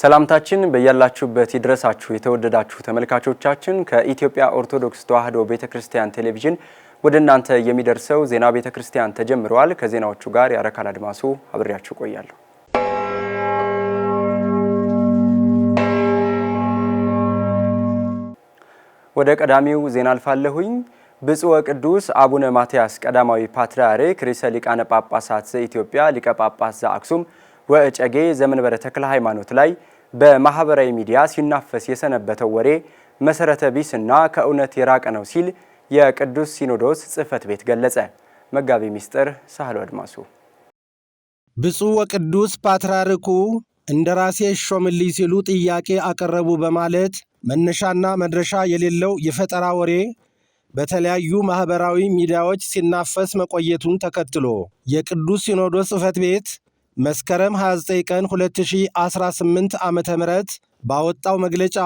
ሰላምታችን በያላችሁበት ይድረሳችሁ የተወደዳችሁ ተመልካቾቻችን። ከኢትዮጵያ ኦርቶዶክስ ተዋሕዶ ቤተ ክርስቲያን ቴሌቪዥን ወደ እናንተ የሚደርሰው ዜና ቤተ ክርስቲያን ተጀምረዋል። ከዜናዎቹ ጋር የአረካል አድማሱ አብሬያችሁ ቆያለሁ። ወደ ቀዳሚው ዜና አልፋለሁኝ። ብፁዕ ወቅዱስ አቡነ ማትያስ ቀዳማዊ ፓትርያርክ ርዕሰ ሊቃነ ጳጳሳት ዘኢትዮጵያ ሊቀ ጳጳስ ዘአክሱም ወእጨጌ ዘመንበረ ተክለ ሃይማኖት ላይ በማህበራዊ ሚዲያ ሲናፈስ የሰነበተው ወሬ መሰረተ ቢስና ከእውነት የራቀ ነው ሲል የቅዱስ ሲኖዶስ ጽህፈት ቤት ገለጸ። መጋቢ ምስጢር ሳህሉ አድማሱ ብፁዕ ወቅዱስ ፓትርያርኩ እንደ ራሴ ሾምልኝ ሲሉ ጥያቄ አቀረቡ በማለት መነሻና መድረሻ የሌለው የፈጠራ ወሬ በተለያዩ ማኅበራዊ ሚዲያዎች ሲናፈስ መቆየቱን ተከትሎ የቅዱስ ሲኖዶስ ጽህፈት ቤት መስከረም 29 ቀን 2018 ዓ ም ባወጣው መግለጫ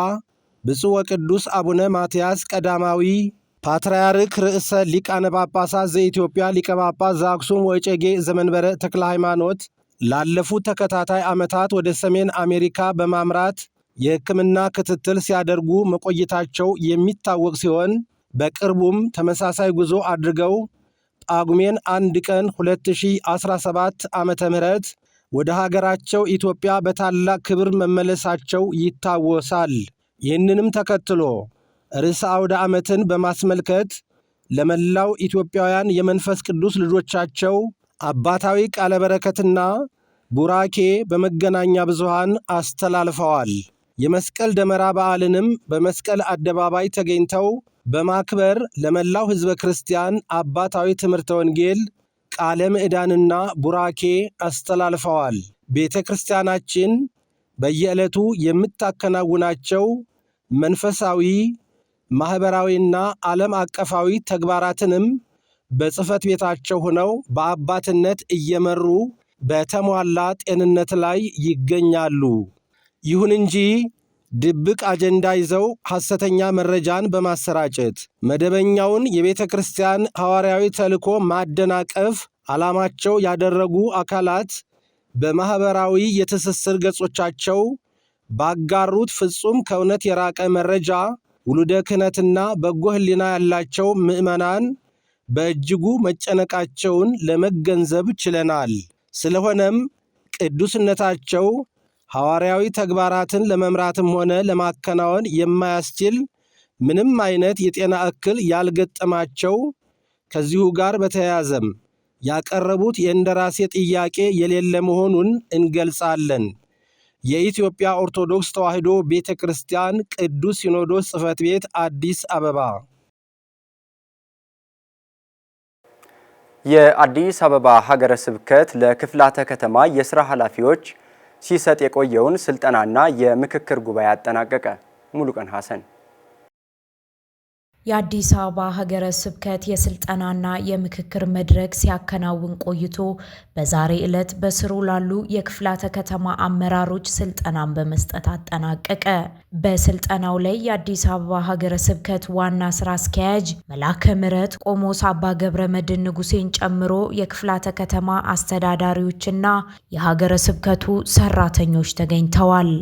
ብፁዕ ወቅዱስ አቡነ ማትያስ ቀዳማዊ ፓትርያርክ ርዕሰ ሊቃነ ጳጳሳት ዘኢትዮጵያ ሊቀ ጳጳስ ዘአክሱም ወጨጌ ዘመንበረ ተክለ ሃይማኖት ላለፉት ተከታታይ ዓመታት ወደ ሰሜን አሜሪካ በማምራት የሕክምና ክትትል ሲያደርጉ መቆየታቸው የሚታወቅ ሲሆን በቅርቡም ተመሳሳይ ጉዞ አድርገው ጳጉሜን 1 ቀን 2017 ም ወደ ሀገራቸው ኢትዮጵያ በታላቅ ክብር መመለሳቸው ይታወሳል። ይህንንም ተከትሎ ርዕሰ አውደ ዓመትን በማስመልከት ለመላው ኢትዮጵያውያን የመንፈስ ቅዱስ ልጆቻቸው አባታዊ ቃለ በረከትና ቡራኬ በመገናኛ ብዙሃን አስተላልፈዋል። የመስቀል ደመራ በዓልንም በመስቀል አደባባይ ተገኝተው በማክበር ለመላው ሕዝበ ክርስቲያን አባታዊ ትምህርተ ወንጌል ቃለ ምዕዳንና ቡራኬ አስተላልፈዋል። ቤተ ክርስቲያናችን በየዕለቱ የምታከናውናቸው መንፈሳዊ ማኅበራዊና ዓለም አቀፋዊ ተግባራትንም በጽሕፈት ቤታቸው ሆነው በአባትነት እየመሩ በተሟላ ጤንነት ላይ ይገኛሉ። ይሁን እንጂ ድብቅ አጀንዳ ይዘው ሐሰተኛ መረጃን በማሰራጨት መደበኛውን የቤተ ክርስቲያን ሐዋርያዊ ተልእኮ ማደናቀፍ ዓላማቸው ያደረጉ አካላት በማኅበራዊ የትስስር ገጾቻቸው ባጋሩት ፍጹም ከእውነት የራቀ መረጃ ውሉደ ክህነትና በጎ ሕሊና ያላቸው ምዕመናን በእጅጉ መጨነቃቸውን ለመገንዘብ ችለናል። ስለሆነም ቅዱስነታቸው ሐዋርያዊ ተግባራትን ለመምራትም ሆነ ለማከናወን የማያስችል ምንም አይነት የጤና እክል ያልገጠማቸው ከዚሁ ጋር በተያያዘም ያቀረቡት የእንደራሴ ጥያቄ የሌለ መሆኑን እንገልጻለን። የኢትዮጵያ ኦርቶዶክስ ተዋሕዶ ቤተ ክርስቲያን ቅዱስ ሲኖዶስ ጽሕፈት ቤት አዲስ አበባ። የአዲስ አበባ ሀገረ ስብከት ለክፍላተ ከተማ የሥራ ኃላፊዎች ሲሰጥ የቆየውን ስልጠናና የምክክር ጉባኤ አጠናቀቀ። ሙሉቀን ሐሰን የአዲስ አበባ ሀገረ ስብከት የስልጠናና የምክክር መድረክ ሲያከናውን ቆይቶ በዛሬ ዕለት በስሩ ላሉ የክፍላተ ከተማ አመራሮች ስልጠናን በመስጠት አጠናቀቀ። በስልጠናው ላይ የአዲስ አበባ ሀገረ ስብከት ዋና ስራ አስኪያጅ መላከ ምረት ቆሞስ አባ ገብረ መድን ንጉሴን ጨምሮ የክፍላተ ከተማ አስተዳዳሪዎችና የሀገረ ስብከቱ ሰራተኞች ተገኝተዋል።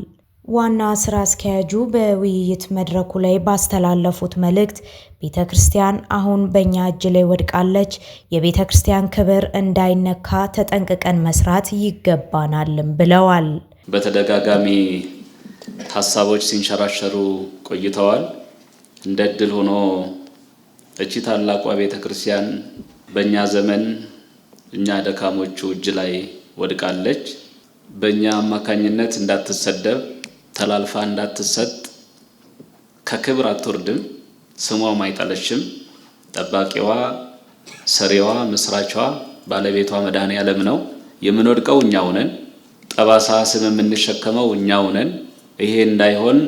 ዋና ስራ አስኪያጁ በውይይት መድረኩ ላይ ባስተላለፉት መልእክት ቤተ ክርስቲያን አሁን በእኛ እጅ ላይ ወድቃለች፣ የቤተ ክርስቲያን ክብር እንዳይነካ ተጠንቅቀን መስራት ይገባናልም ብለዋል። በተደጋጋሚ ሀሳቦች ሲንሸራሸሩ ቆይተዋል። እንደ እድል ሆኖ እቺ ታላቋ ቤተ ክርስቲያን በእኛ ዘመን እኛ ደካሞቹ እጅ ላይ ወድቃለች። በእኛ አማካኝነት እንዳትሰደብ ተላልፋ እንዳትሰጥ ከክብር አትወርድም፣ ስሟም አይጠለሽም። ጠባቂዋ፣ ሰሪዋ፣ መስራቿ፣ ባለቤቷ መድኃኔ ዓለም ነው። የምንወድቀው እኛው ነን። ጠባሳ ስም የምንሸከመው እኛው ነን። ይሄ እንዳይሆን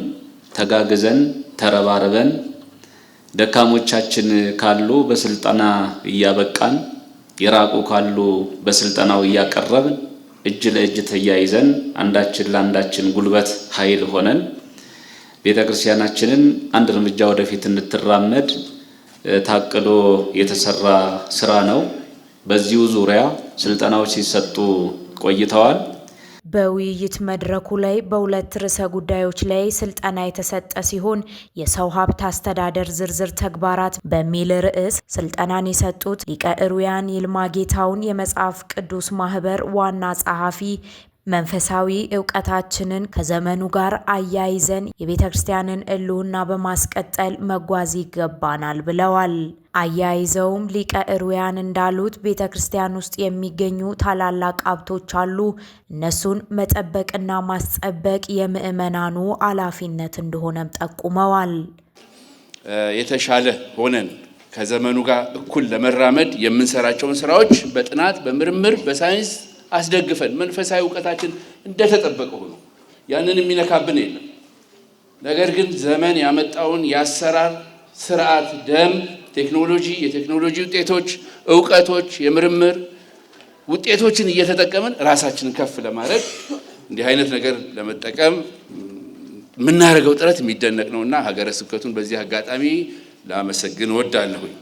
ተጋግዘን ተረባርበን ደካሞቻችን ካሉ በስልጠና እያበቃን የራቁ ካሉ በስልጠናው እያቀረብን እጅ ለእጅ ተያይዘን አንዳችን ለአንዳችን ጉልበት ኃይል ሆነን ቤተ ክርስቲያናችንን አንድ እርምጃ ወደፊት እንድትራመድ ታቅዶ የተሰራ ስራ ነው። በዚሁ ዙሪያ ስልጠናዎች ሲሰጡ ቆይተዋል። በውይይት መድረኩ ላይ በሁለት ርዕሰ ጉዳዮች ላይ ስልጠና የተሰጠ ሲሆን የሰው ሀብት አስተዳደር ዝርዝር ተግባራት በሚል ርዕስ ስልጠናን የሰጡት ሊቀ እሩያን ይልማ ጌታውን የመጽሐፍ ቅዱስ ማህበር ዋና ጸሐፊ መንፈሳዊ እውቀታችንን ከዘመኑ ጋር አያይዘን የቤተ ክርስቲያንን እልውና በማስቀጠል መጓዝ ይገባናል ብለዋል። አያይዘውም ሊቀ እሩያን እንዳሉት ቤተ ክርስቲያን ውስጥ የሚገኙ ታላላቅ ሀብቶች አሉ። እነሱን መጠበቅና ማስጠበቅ የምእመናኑ ኃላፊነት እንደሆነም ጠቁመዋል። የተሻለ ሆነን ከዘመኑ ጋር እኩል ለመራመድ የምንሰራቸውን ስራዎች በጥናት በምርምር በሳይንስ አስደግፈን መንፈሳዊ እውቀታችን እንደተጠበቀ ሆኖ ያንን የሚነካብን የለም። ነገር ግን ዘመን ያመጣውን የአሰራር ስርዓት፣ ደንብ፣ ቴክኖሎጂ፣ የቴክኖሎጂ ውጤቶች፣ እውቀቶች፣ የምርምር ውጤቶችን እየተጠቀምን ራሳችንን ከፍ ለማድረግ እንዲህ አይነት ነገር ለመጠቀም የምናደርገው ጥረት የሚደነቅ ነውና ሀገረ ስብከቱን በዚህ አጋጣሚ ላመሰግን እወዳለሁኝ።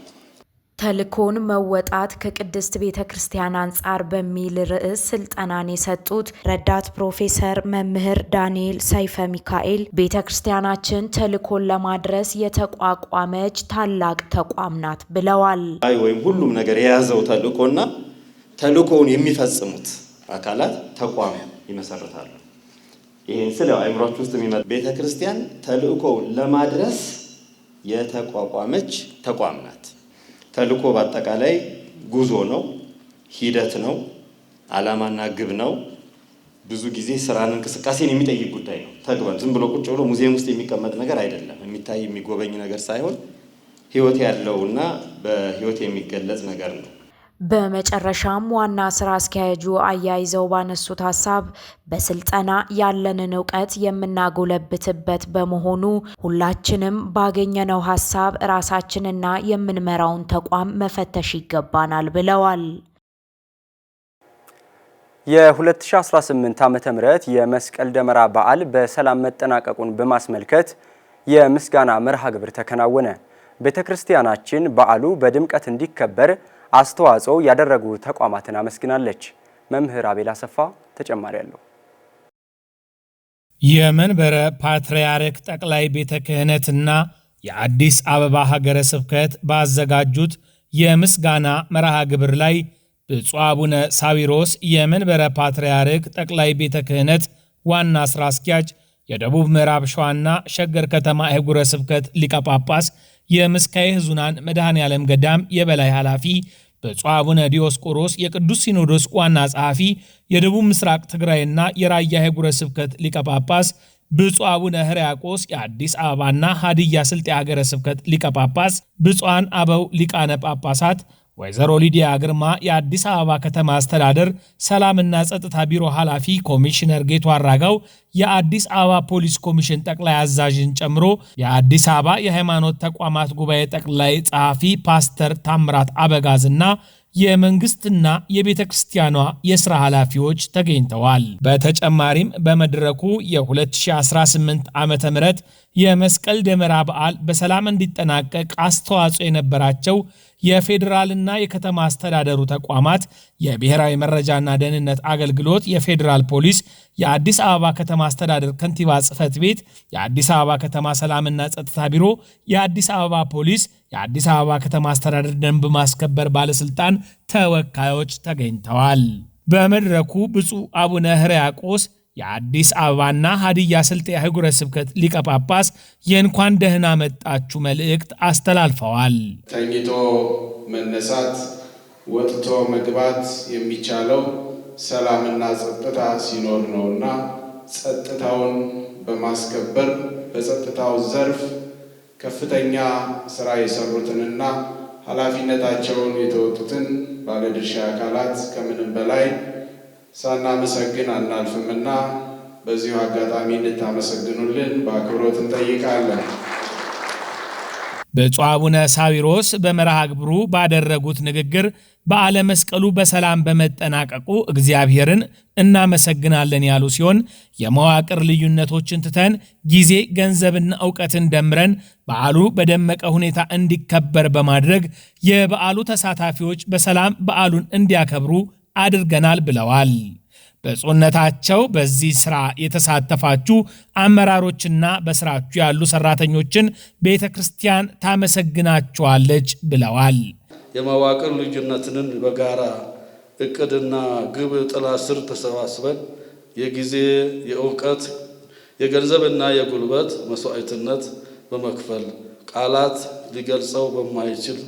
ተልኮን መወጣት ከቅድስት ቤተ ክርስቲያን አንጻር በሚል ርዕስ ስልጠናን የሰጡት ረዳት ፕሮፌሰር መምህር ዳንኤል ሰይፈ ሚካኤል ቤተ ክርስቲያናችን ተልኮን ለማድረስ የተቋቋመች ታላቅ ተቋም ናት ብለዋል። አይ ወይም ሁሉም ነገር የያዘው ተልኮና ተልኮውን የሚፈጽሙት አካላት ተቋም ይመሰርታሉ። ይህን ስለ አእምሯችሁ ውስጥ የሚመ ቤተ ክርስቲያን ተልኮውን ለማድረስ የተቋቋመች ተቋም ናት። ተልእኮ በአጠቃላይ ጉዞ ነው፣ ሂደት ነው፣ አላማና ግብ ነው። ብዙ ጊዜ ስራን፣ እንቅስቃሴን የሚጠይቅ ጉዳይ ነው። ተግባር ዝም ብሎ ቁጭ ብሎ ሙዚየም ውስጥ የሚቀመጥ ነገር አይደለም። የሚታይ የሚጎበኝ ነገር ሳይሆን ህይወት ያለውና በህይወት የሚገለጽ ነገር ነው። በመጨረሻም ዋና ስራ አስኪያጁ አያይዘው ባነሱት ሀሳብ በስልጠና ያለንን እውቀት የምናጎለብትበት በመሆኑ ሁላችንም ባገኘነው ሀሳብ ራሳችንና የምንመራውን ተቋም መፈተሽ ይገባናል ብለዋል። የ2018 ዓ.ም የመስቀል ደመራ በዓል በሰላም መጠናቀቁን በማስመልከት የምስጋና መርሃ ግብር ተከናወነ። ቤተ ክርስቲያናችን በዓሉ በድምቀት እንዲከበር አስተዋጽኦ ያደረጉ ተቋማትን አመስግናለች። መምህር አቤል አሰፋ ተጨማሪ አለው። የመንበረ ፓትርያርክ ጠቅላይ ቤተ ክህነትና የአዲስ አበባ ሀገረ ስብከት ባዘጋጁት የምስጋና መርሃ ግብር ላይ ብፁዕ አቡነ ሳዊሮስ የመንበረ ፓትርያርክ ጠቅላይ ቤተ ክህነት ዋና ሥራ አስኪያጅ፣ የደቡብ ምዕራብ ሸዋና ሸገር ከተማ አህጉረ ስብከት ሊቀ ጳጳስ የምስካየ ሕዙናን መድኃኔ ዓለም ገዳም የበላይ ኃላፊ ብፁዕ አቡነ ዲዮስቆሮስ የቅዱስ ሲኖዶስ ዋና ጸሐፊ፣ የደቡብ ምስራቅ ትግራይና የራያ ሀገረ ስብከት ሊቀ ጳጳስ፣ ብፁዕ አቡነ ሕርያቆስ የአዲስ አበባና ሀዲያ ስልጤ ሀገረ ስብከት ሊቀ ጳጳስ፣ ብፁዓን አበው ሊቃነ ጳጳሳት ወይዘሮ ሊዲያ ግርማ የአዲስ አበባ ከተማ አስተዳደር ሰላምና ጸጥታ ቢሮ ኃላፊ፣ ኮሚሽነር ጌቱ አራጋው የአዲስ አበባ ፖሊስ ኮሚሽን ጠቅላይ አዛዥን ጨምሮ የአዲስ አበባ የሃይማኖት ተቋማት ጉባኤ ጠቅላይ ጸሐፊ ፓስተር ታምራት አበጋዝና የመንግስትና የቤተ ክርስቲያኗ የሥራ ኃላፊዎች ተገኝተዋል። በተጨማሪም በመድረኩ የ2018 ዓ ም የመስቀል ደመራ በዓል በሰላም እንዲጠናቀቅ አስተዋጽኦ የነበራቸው የፌዴራልና የከተማ አስተዳደሩ ተቋማት የብሔራዊ መረጃና ደህንነት አገልግሎት፣ የፌዴራል ፖሊስ፣ የአዲስ አበባ ከተማ አስተዳደር ከንቲባ ጽፈት ቤት፣ የአዲስ አበባ ከተማ ሰላምና ጸጥታ ቢሮ፣ የአዲስ አበባ ፖሊስ፣ የአዲስ አበባ ከተማ አስተዳደር ደንብ ማስከበር ባለስልጣን ተወካዮች ተገኝተዋል። በመድረኩ ብፁዕ አቡነ ሕርያቆስ የአዲስ አበባና ሀዲያ ስልጤ አህጉረ ስብከት ሊቀ ጳጳስ የእንኳን ደህና መጣችሁ መልእክት አስተላልፈዋል። ተኝቶ መነሳት፣ ወጥቶ መግባት የሚቻለው ሰላምና ጸጥታ ሲኖር ነውና ጸጥታውን በማስከበር በጸጥታው ዘርፍ ከፍተኛ ስራ የሰሩትንና ኃላፊነታቸውን የተወጡትን ባለድርሻ አካላት ከምንም በላይ ሳናመሰግን አናልፍምና በዚሁ አጋጣሚ እንድታመሰግኑልን በአክብሮት እንጠይቃለን። ብፁዕ አቡነ ሳዊሮስ በመርሃ ግብሩ ባደረጉት ንግግር በዓለ መስቀሉ በሰላም በመጠናቀቁ እግዚአብሔርን እናመሰግናለን ያሉ ሲሆን የመዋቅር ልዩነቶችን ትተን ጊዜ፣ ገንዘብና እውቀትን ደምረን በዓሉ በደመቀ ሁኔታ እንዲከበር በማድረግ የበዓሉ ተሳታፊዎች በሰላም በዓሉን እንዲያከብሩ አድርገናል ብለዋል። በጾነታቸው በዚህ ሥራ የተሳተፋችሁ አመራሮችና በስራችሁ ያሉ ሰራተኞችን ቤተ ክርስቲያን ታመሰግናችኋለች ብለዋል። የመዋቅር ልዩነትንን በጋራ እቅድና ግብ ጥላ ስር ተሰባስበን የጊዜ፣ የእውቀት፣ የገንዘብና የጉልበት መስዋዕትነት በመክፈል ቃላት ሊገልጸው በማይችል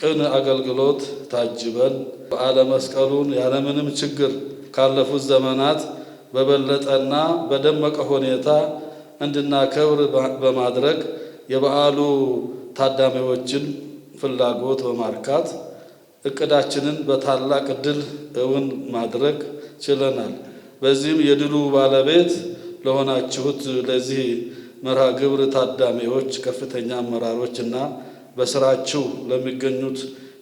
ቅን አገልግሎት ታጅበን በዓለ መስቀሉን ያለምንም ችግር ካለፉት ዘመናት በበለጠና በደመቀ ሁኔታ እንድናከብር በማድረግ የበዓሉ ታዳሚዎችን ፍላጎት በማርካት እቅዳችንን በታላቅ ድል እውን ማድረግ ችለናል። በዚህም የድሉ ባለቤት ለሆናችሁት ለዚህ መርሃ ግብር ታዳሚዎች፣ ከፍተኛ አመራሮች እና በስራችሁ ለሚገኙት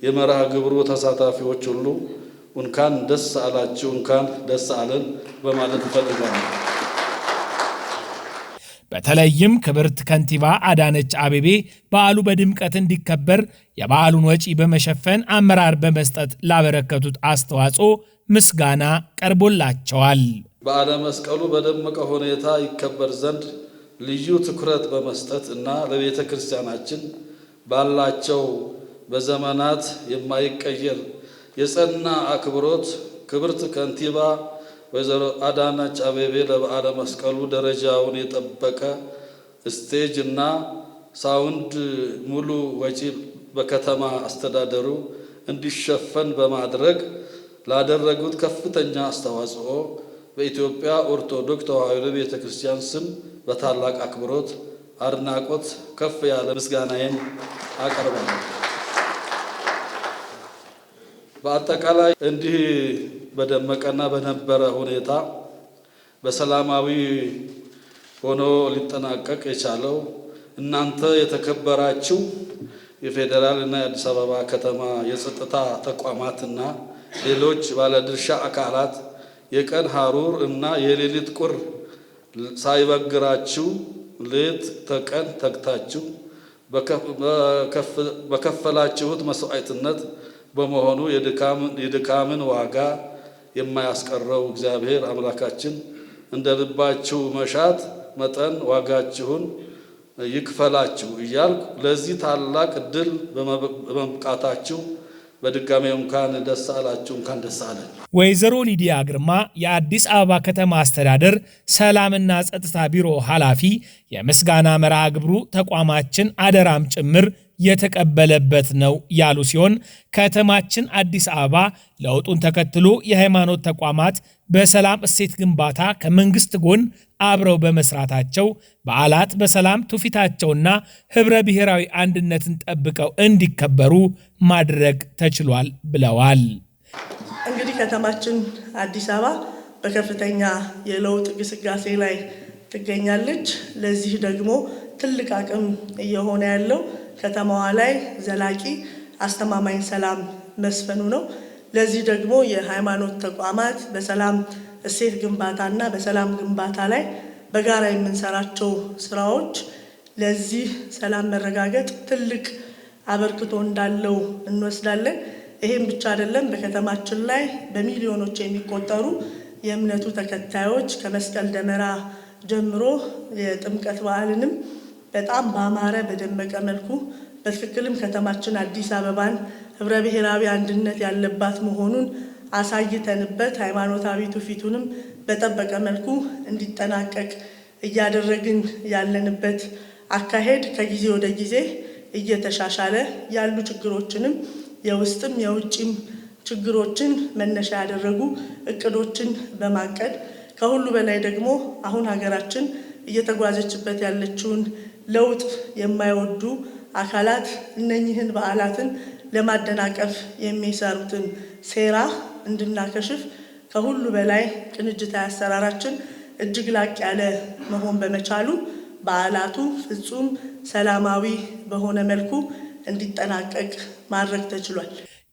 የመርሃ ግብሩ ተሳታፊዎች ሁሉ እንኳን ደስ አላችሁ፣ እንኳን ደስ አለን በማለት ፈልጋለሁ። በተለይም ክብርት ከንቲባ አዳነች አቤቤ በዓሉ በድምቀት እንዲከበር የበዓሉን ወጪ በመሸፈን አመራር በመስጠት ላበረከቱት አስተዋጽኦ ምስጋና ቀርቦላቸዋል። በዓለ መስቀሉ በደመቀ ሁኔታ ይከበር ዘንድ ልዩ ትኩረት በመስጠት እና ለቤተ ክርስቲያናችን ባላቸው በዘመናት የማይቀየር የጸና አክብሮት ክብርት ከንቲባ ወይዘሮ አዳነች አቤቤ ለበዓለ መስቀሉ ደረጃውን የጠበቀ ስቴጅ እና ሳውንድ ሙሉ ወጪ በከተማ አስተዳደሩ እንዲሸፈን በማድረግ ላደረጉት ከፍተኛ አስተዋጽኦ በኢትዮጵያ ኦርቶዶክስ ተዋሕዶ ቤተ ክርስቲያን ስም በታላቅ አክብሮት፣ አድናቆት ከፍ ያለ ምስጋናዬን አቀርባለሁ። በአጠቃላይ እንዲህ በደመቀና በነበረ ሁኔታ በሰላማዊ ሆኖ ሊጠናቀቅ የቻለው እናንተ የተከበራችሁ የፌዴራል እና የአዲስ አበባ ከተማ የጸጥታ ተቋማትና ሌሎች ባለድርሻ አካላት የቀን ሐሩር እና የሌሊት ቁር ሳይበግራችሁ ሌት ተቀን ተግታችሁ በከፈላችሁት መስዋዕትነት በመሆኑ የድካምን ዋጋ የማያስቀረው እግዚአብሔር አምላካችን እንደ ልባችሁ መሻት መጠን ዋጋችሁን ይክፈላችሁ እያልኩ ለዚህ ታላቅ እድል በመብቃታችሁ በድጋሜ እንኳን ደስ አላችሁ፣ እንኳን ደስ አለን። ወይዘሮ ሊዲያ ግርማ የአዲስ አበባ ከተማ አስተዳደር ሰላምና ጸጥታ ቢሮ ኃላፊ የምስጋና መርሃ ግብሩ ተቋማችን አደራም ጭምር የተቀበለበት ነው ያሉ ሲሆን ከተማችን አዲስ አበባ ለውጡን ተከትሎ የሃይማኖት ተቋማት በሰላም እሴት ግንባታ ከመንግስት ጎን አብረው በመስራታቸው በዓላት በሰላም ትውፊታቸውና ህብረ ብሔራዊ አንድነትን ጠብቀው እንዲከበሩ ማድረግ ተችሏል ብለዋል። እንግዲህ ከተማችን አዲስ አበባ በከፍተኛ የለውጥ ግስጋሴ ላይ ትገኛለች። ለዚህ ደግሞ ትልቅ አቅም እየሆነ ያለው ከተማዋ ላይ ዘላቂ አስተማማኝ ሰላም መስፈኑ ነው። ለዚህ ደግሞ የሃይማኖት ተቋማት በሰላም እሴት ግንባታ እና በሰላም ግንባታ ላይ በጋራ የምንሰራቸው ስራዎች ለዚህ ሰላም መረጋገጥ ትልቅ አበርክቶ እንዳለው እንወስዳለን። ይሄም ብቻ አይደለም። በከተማችን ላይ በሚሊዮኖች የሚቆጠሩ የእምነቱ ተከታዮች ከመስቀል ደመራ ጀምሮ የጥምቀት በዓልንም በጣም ባማረ በደመቀ መልኩ በትክክልም ከተማችን አዲስ አበባን ህብረ ብሔራዊ አንድነት ያለባት መሆኑን አሳይተንበት ሃይማኖታዊ ትውፊቱንም በጠበቀ መልኩ እንዲጠናቀቅ እያደረግን ያለንበት አካሄድ ከጊዜ ወደ ጊዜ እየተሻሻለ ያሉ ችግሮችንም የውስጥም የውጭም ችግሮችን መነሻ ያደረጉ እቅዶችን በማቀድ ከሁሉ በላይ ደግሞ አሁን ሀገራችን እየተጓዘችበት ያለችውን ለውጥ የማይወዱ አካላት እነኚህን በዓላትን ለማደናቀፍ የሚሰሩትን ሴራ እንድናከሽፍ ከሁሉ በላይ ቅንጅታዊ አሰራራችን እጅግ ላቅ ያለ መሆን በመቻሉ በዓላቱ ፍጹም ሰላማዊ በሆነ መልኩ እንዲጠናቀቅ ማድረግ ተችሏል።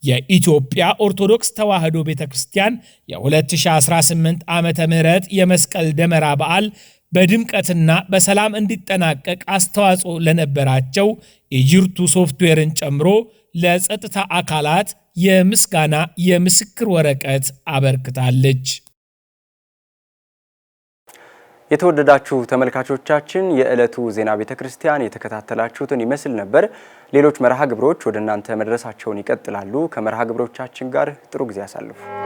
የኢትዮጵያ ኦርቶዶክስ ተዋሕዶ ቤተ ክርስቲያን የ2018 ዓመተ ምሕረት የመስቀል ደመራ በዓል በድምቀትና በሰላም እንዲጠናቀቅ አስተዋጽኦ ለነበራቸው የጅርቱ ሶፍትዌርን ጨምሮ ለጸጥታ አካላት የምስጋና የምስክር ወረቀት አበርክታለች። የተወደዳችሁ ተመልካቾቻችን የዕለቱ ዜና ቤተ ክርስቲያን የተከታተላችሁትን ይመስል ነበር። ሌሎች መርሃ ግብሮች ወደ እናንተ መድረሳቸውን ይቀጥላሉ። ከመርሃ ግብሮቻችን ጋር ጥሩ ጊዜ ያሳልፉ።